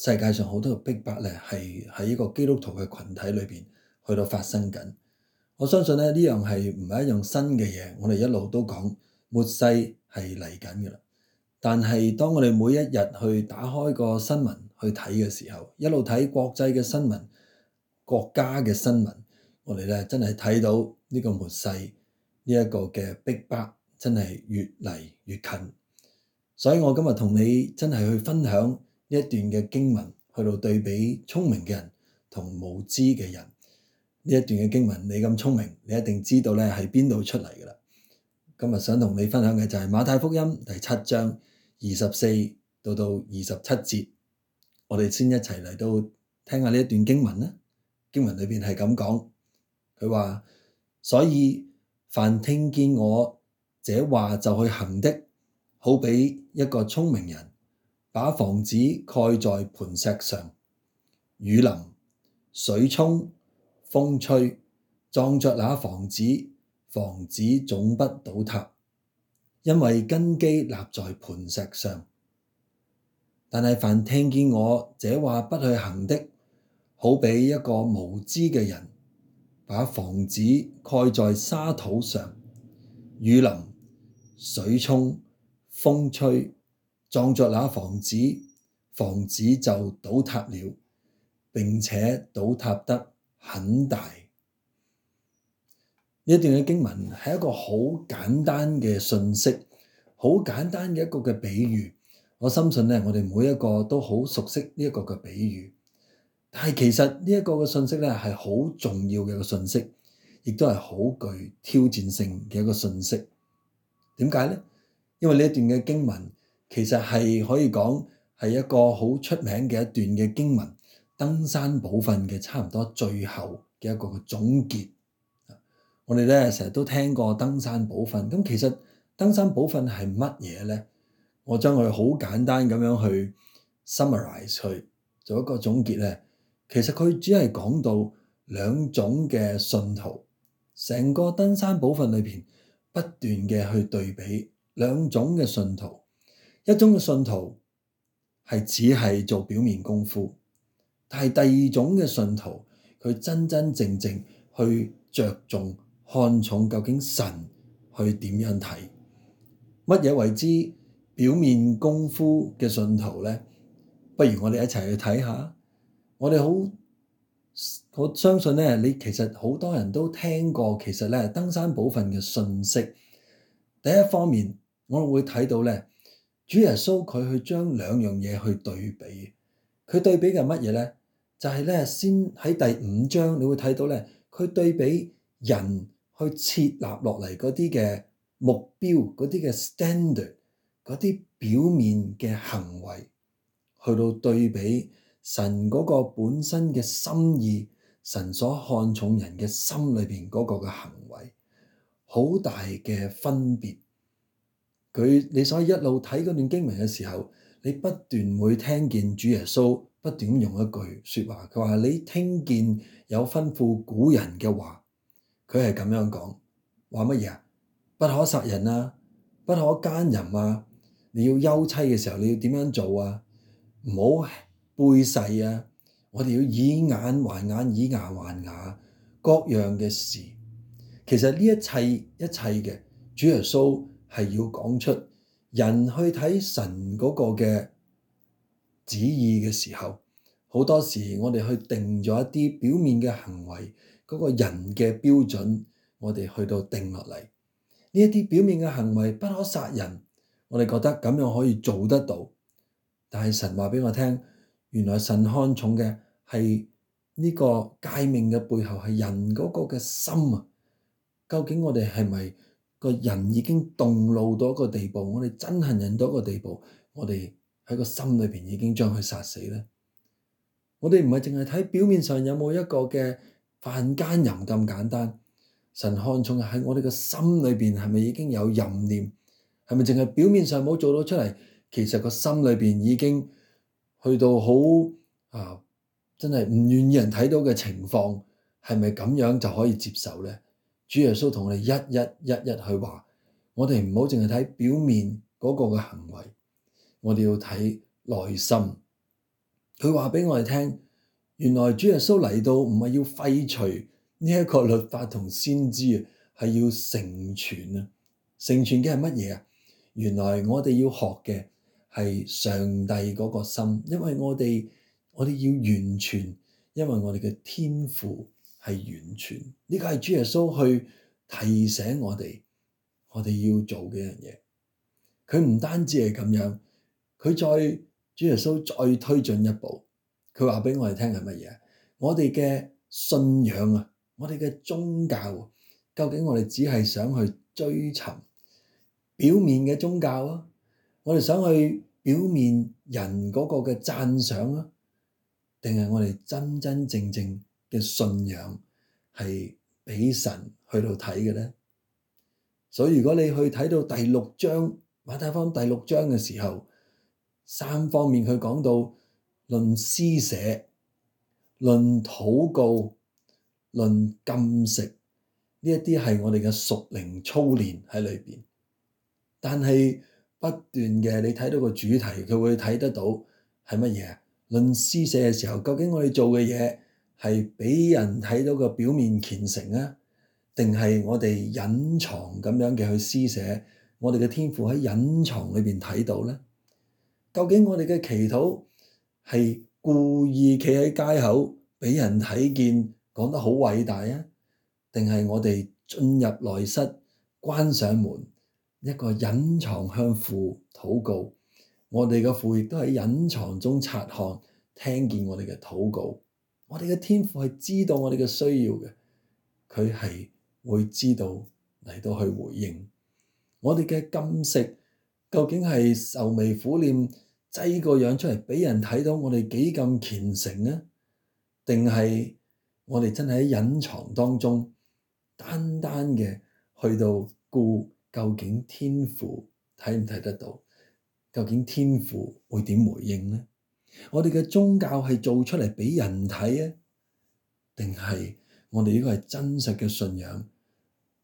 世界上好多嘅逼迫咧，係喺呢個基督徒嘅群體裏邊去到發生緊。我相信咧呢樣係唔係一樣新嘅嘢？我哋一路都講末世係嚟緊嘅啦。但係當我哋每一日去打開個新聞去睇嘅時候，一路睇國際嘅新聞、國家嘅新聞，我哋咧真係睇到呢個末世呢一、這個嘅逼迫，迫真係越嚟越近。所以我今日同你真係去分享。一段嘅經文去到對比聰明嘅人同無知嘅人呢一段嘅經文，你咁聰明，你一定知道咧係邊度出嚟噶啦。今日想同你分享嘅就係馬太福音第七章二十四到到二十七節，我哋先一齊嚟到聽下呢一段經文啦。經文裏邊係咁講，佢話，所以凡聽見我這話就去行的，好比一個聰明人。把房子蓋在磐石上，雨淋、水沖、風吹，撞着那房子，房子總不倒塌，因為根基立在磐石上。但係凡聽見我這話不去行的，好比一個無知嘅人，把房子蓋在沙土上，雨淋、水沖、風吹。撞着那房子，房子就倒塌了，並且倒塌得很大。呢一段嘅經文係一個好簡單嘅信息，好簡單嘅一個嘅比喻。我相信咧，我哋每一個都好熟悉呢一個嘅比喻。但係其實呢一個嘅信息咧係好重要嘅一個信息，亦都係好具挑戰性嘅一個信息。點解咧？因為呢一段嘅經文。其實係可以講係一個好出名嘅一段嘅經文，登山寶訓嘅差唔多最後嘅一個嘅總結。我哋咧，成日都聽過登山寶訓，咁其實登山寶訓係乜嘢咧？我將佢好簡單咁樣去 summarize 去做一個總結咧。其實佢只係講到兩種嘅信徒，成個登山寶訓裏邊不斷嘅去對比兩種嘅信徒。一種嘅信徒係只係做表面功夫，但係第二種嘅信徒，佢真真正正去着重看重究竟神去點樣睇。乜嘢為之表面功夫嘅信徒咧？不如我哋一齊去睇下。我哋好，我相信咧，你其實好多人都聽過其實咧登山寶訓嘅信息。第一方面，我會睇到咧，主耶穌佢去將兩樣嘢去對比，佢對比嘅係乜嘢咧？就係咧，先喺第五章，你會睇到咧，佢對比人去設立落嚟嗰啲嘅目標，嗰啲嘅 standard，嗰啲表面嘅行為，去到對比神嗰個本身嘅心意，神所看重人嘅心裏邊嗰個嘅行為，好大嘅分別。佢，你所以一路睇嗰段經文嘅時候，你不斷會聽見主耶穌不斷用一句説話，佢話你聽見有吩咐古人嘅話，佢係咁樣講話乜嘢啊？不可殺人啊，不可奸淫啊，你要休妻嘅時候你要點樣做啊？唔好背誓啊！我哋要以眼還眼，以牙還牙，各樣嘅事。其實呢一切一切嘅主耶穌。係要講出人去睇神嗰個嘅旨意嘅時候，好多時我哋去定咗一啲表面嘅行為嗰個人嘅標準，我哋去到定落嚟呢一啲表面嘅行為不可殺人，我哋覺得咁樣可以做得到，但係神話俾我聽，原來神看重嘅係呢個誡命嘅背後係人嗰個嘅心啊！究竟我哋係咪？個人已經動怒到一個地步，我哋憎恨人到一個地步，我哋喺個心裏邊已經將佢殺死咧。我哋唔係淨係睇表面上有冇一個嘅犯奸淫咁簡單，神看重喺我哋個心裏邊係咪已經有淫念？係咪淨係表面上冇做到出嚟，其實個心裏邊已經去到好啊，真係唔願意人睇到嘅情況，係咪咁樣就可以接受咧？主耶穌同我哋一一一一去話，我哋唔好淨係睇表面嗰個嘅行為，我哋要睇內心。佢話俾我哋聽，原來主耶穌嚟到唔係要廢除呢一個律法，同先知，係要成全啊！成全嘅係乜嘢啊？原來我哋要學嘅係上帝嗰個心，因為我哋我哋要完全，因為我哋嘅天父。係完全呢、這個係主耶穌去提醒我哋，我哋要做嘅一樣嘢。佢唔單止係咁樣，佢再主耶穌再推進一步，佢話俾我哋聽係乜嘢？我哋嘅信仰啊，我哋嘅宗教究竟我哋只係想去追尋表面嘅宗教啊？我哋想去表面人嗰個嘅讚賞啊？定係我哋真真正正？嘅信仰係俾神去到睇嘅咧，所以如果你去睇到第六章馬太福音第六章嘅時候，三方面佢講到論施捨、論禱告、論禁食呢一啲係我哋嘅屬靈操練喺裏邊，但係不斷嘅你睇到個主題，佢會睇得到係乜嘢？論施捨嘅時候，究竟我哋做嘅嘢？係畀人睇到個表面虔誠啊，定係我哋隱藏咁樣嘅去施捨？我哋嘅天父喺隱藏裏邊睇到咧。究竟我哋嘅祈禱係故意企喺街口畀人睇見，講得好偉大啊？定係我哋進入內室關上門，一個隱藏向父禱告，我哋嘅父亦都喺隱藏中察看，聽見我哋嘅禱告。我哋嘅天父係知道我哋嘅需要嘅，佢係會知道嚟到去回應。我哋嘅禁食究竟係愁眉苦臉擠個樣出嚟畀人睇到，我哋幾咁虔誠呢？定係我哋真係喺隱藏當中，單單嘅去到顧究竟天父睇唔睇得到？究竟天父會點回應呢？我哋嘅宗教係做出嚟畀人睇啊？定係我哋呢個係真實嘅信仰？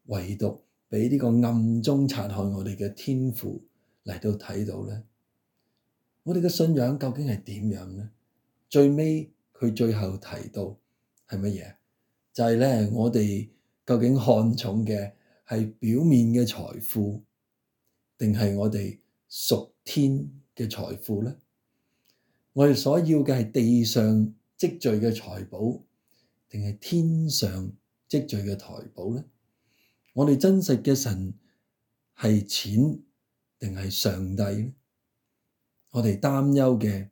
唯獨畀呢個暗中察看我哋嘅天父嚟到睇到咧，我哋嘅信仰究竟係點樣咧？最尾佢最後提到係乜嘢？就係、是、咧，我哋究竟看重嘅係表面嘅財富，定係我哋屬天嘅財富咧？我哋所要嘅係地上積聚嘅財寶，定係天上積聚嘅財寶呢？我哋真實嘅神係錢定係上帝呢？我哋擔憂嘅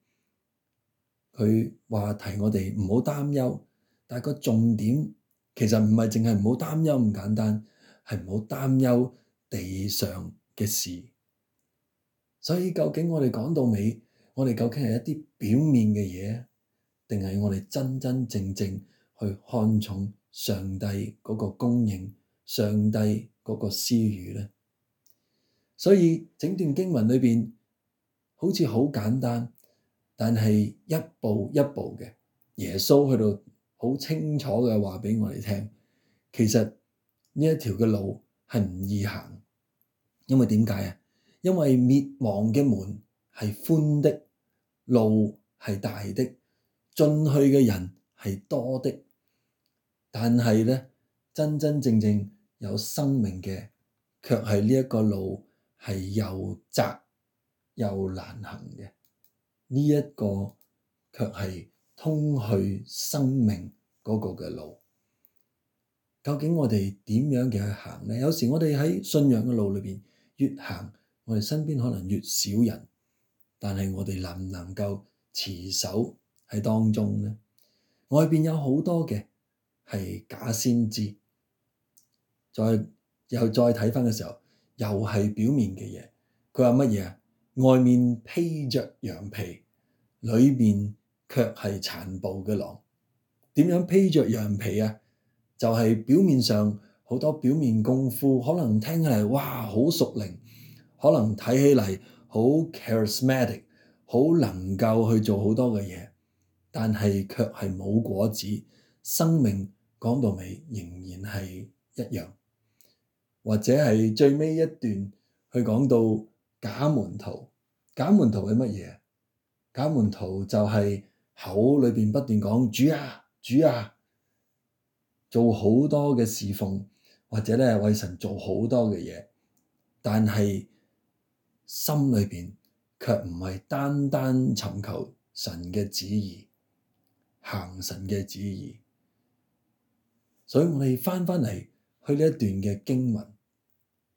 佢話提我哋唔好擔憂，但個重點其實唔係淨係唔好擔憂咁簡單，係唔好擔憂地上嘅事。所以究竟我哋講到尾？我哋究竟係一啲表面嘅嘢，定係我哋真真正正去看重上帝嗰個供應、上帝嗰個私語咧？所以整段經文裏邊，好似好簡單，但係一步一步嘅耶穌去到好清楚嘅話畀我哋聽，其實呢一條嘅路係唔易行，因為點解啊？因為滅亡嘅門。係寬的路係大的，進去嘅人係多的，但係咧真真正正有生命嘅，卻係呢一個路係又窄又難行嘅。呢一個卻係通去生命嗰個嘅路。究竟我哋點樣嘅去行咧？有時我哋喺信仰嘅路裏邊越行，我哋身邊可能越少人。但係我哋能唔能夠持守喺當中呢？外邊有好多嘅係假先知，再又再睇翻嘅時候，又係表面嘅嘢。佢話乜嘢啊？外面披着羊皮，裏面卻係殘暴嘅狼。點樣披着羊皮啊？就係、是、表面上好多表面功夫，可能聽起嚟哇，好熟靈，可能睇起嚟，好 charismatic，好能夠去做好多嘅嘢，但係卻係冇果子。生命講到尾仍然係一樣，或者係最尾一段去講到假門徒。假門徒係乜嘢？假門徒就係口裏邊不斷講主啊，主啊，做好多嘅侍奉，或者咧為神做好多嘅嘢，但係，心裏邊卻唔係單單尋求神嘅旨意，行神嘅旨意。所以我哋翻返嚟去呢一段嘅經文，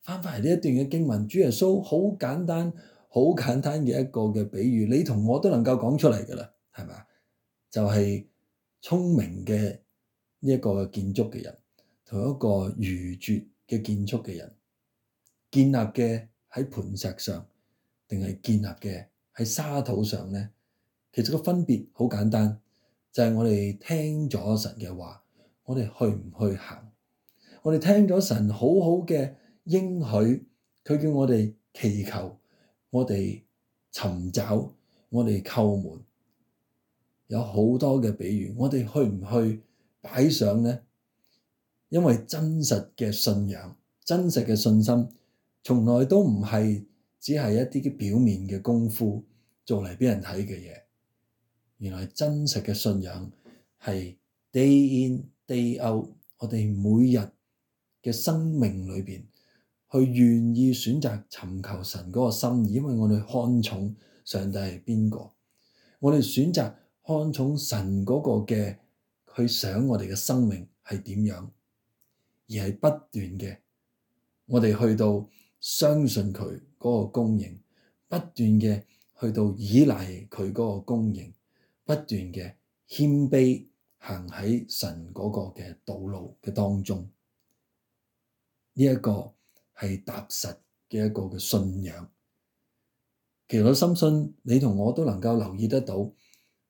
翻返嚟呢一段嘅經文，主耶穌好簡單、好簡單嘅一個嘅比喻，你同我都能夠講出嚟噶啦，係咪？就係聰明嘅呢一個建築嘅人，同一個愚拙嘅建築嘅人建立嘅。喺磐石上定係建立嘅，喺沙土上咧，其實個分別好簡單，就係我哋聽咗神嘅話，我哋去唔去行？我哋聽咗神好好嘅應許，佢叫我哋祈求，我哋尋找，我哋叩門，有好多嘅比喻，我哋去唔去擺上咧？因為真實嘅信仰，真實嘅信心。從來都唔係只係一啲表面嘅功夫做嚟俾人睇嘅嘢。原來真實嘅信仰係 day in day out，我哋每日嘅生命裏邊去願意選擇尋求神嗰個心意，因為我哋看重上帝係邊個，我哋選擇看重神嗰個嘅去想我哋嘅生命係點樣，而係不斷嘅，我哋去到。相信佢嗰個供應，不斷嘅去到依賴佢嗰個供應，不斷嘅謙卑行喺神嗰個嘅道路嘅當中，呢一個係踏實嘅一個嘅信仰。其實我深信你同我都能夠留意得到，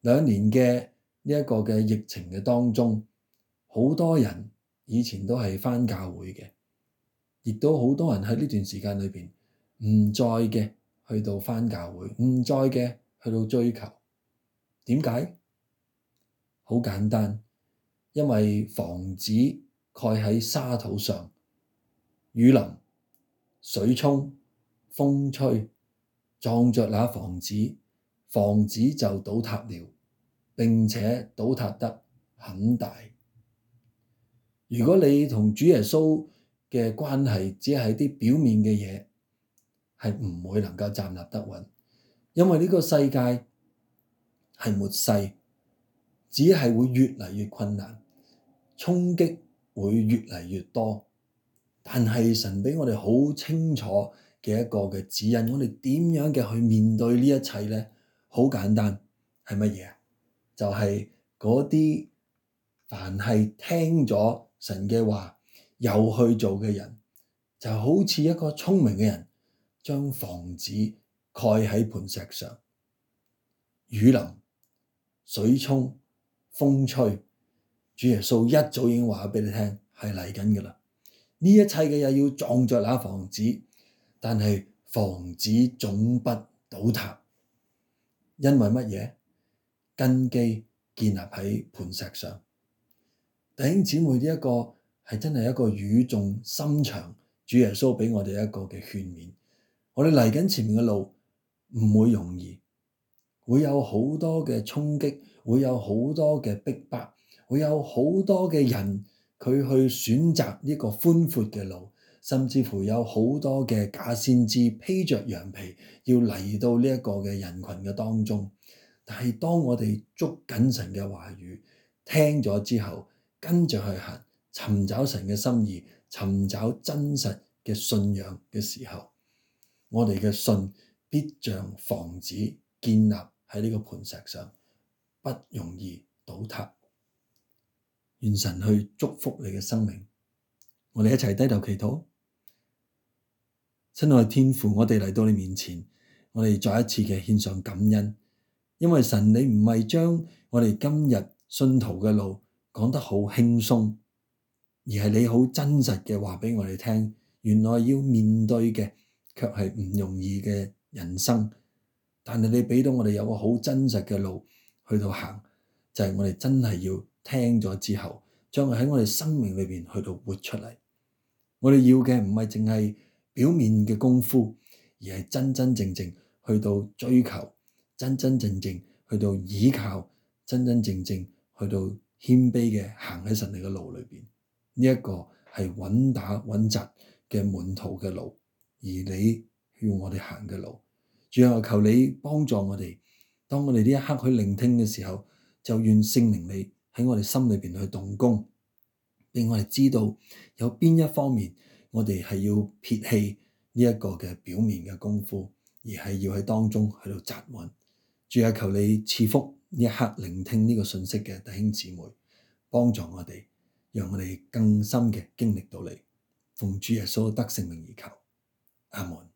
兩年嘅呢一個嘅疫情嘅當中，好多人以前都係返教會嘅。亦都好多人喺呢段時間裏邊唔再嘅去到返教會，唔再嘅去到追求。點解？好簡單，因為房子蓋喺沙土上，雨淋、水沖、風吹，撞着那房子，房子就倒塌了，並且倒塌得很大。如果你同主耶穌，嘅關係只係啲表面嘅嘢，係唔會能夠站立得穩，因為呢個世界係末世，只係會越嚟越困難，衝擊會越嚟越多。但係神俾我哋好清楚嘅一個嘅指引，我哋點樣嘅去面對呢一切咧？好簡單，係乜嘢？就係嗰啲凡係聽咗神嘅話。又去做嘅人，就好似一個聰明嘅人，將房子蓋喺磐石上。雨淋、水沖、風吹，主耶穌一早已經話咗俾你聽，係嚟緊㗎喇。呢一切嘅嘢要撞着那房子，但係房子總不倒塌，因為乜嘢？根基建立喺磐石上。弟兄姊妹呢、呢、一個。係真係一個語重心長，主耶穌俾我哋一個嘅勸勉。我哋嚟緊前面嘅路唔會容易，會有好多嘅衝擊，會有好多嘅逼迫，會有好多嘅人佢去選擇呢個寬闊嘅路，甚至乎有好多嘅假先知披着羊皮要嚟到呢一個嘅人群嘅當中。但係當我哋捉緊神嘅話語聽咗之後，跟住去行。尋找神嘅心意，尋找真實嘅信仰嘅時候，我哋嘅信必像房子建立喺呢個磐石上，不容易倒塌。願神去祝福你嘅生命。我哋一齊低頭祈禱，親愛的天父，我哋嚟到你面前，我哋再一次嘅獻上感恩，因為神你唔係將我哋今日信徒嘅路講得好輕鬆。而係你好真實嘅話畀我哋聽，原來要面對嘅卻係唔容易嘅人生。但係你畀到我哋有個好真實嘅路去到行，就係我哋真係要聽咗之後，將佢喺我哋生命裏邊去到活出嚟。我哋要嘅唔係淨係表面嘅功夫，而係真真正正去到追求，真真正正去到依靠，真真正正去到謙卑嘅行喺神你嘅路裏邊。呢一個係穩打穩紮嘅門徒嘅路，而你要我哋行嘅路，主啊，求你幫助我哋。當我哋呢一刻去聆聽嘅時候，就願聖靈你喺我哋心裏邊去動工，令我哋知道有邊一方面我哋係要撇棄呢一個嘅表面嘅功夫，而係要喺當中喺度紮穩。主啊，求你賜福呢一刻聆聽呢個信息嘅弟兄姊妹，幫助我哋，讓我哋更深嘅經歷到你，奉主耶穌得勝名而求，阿門。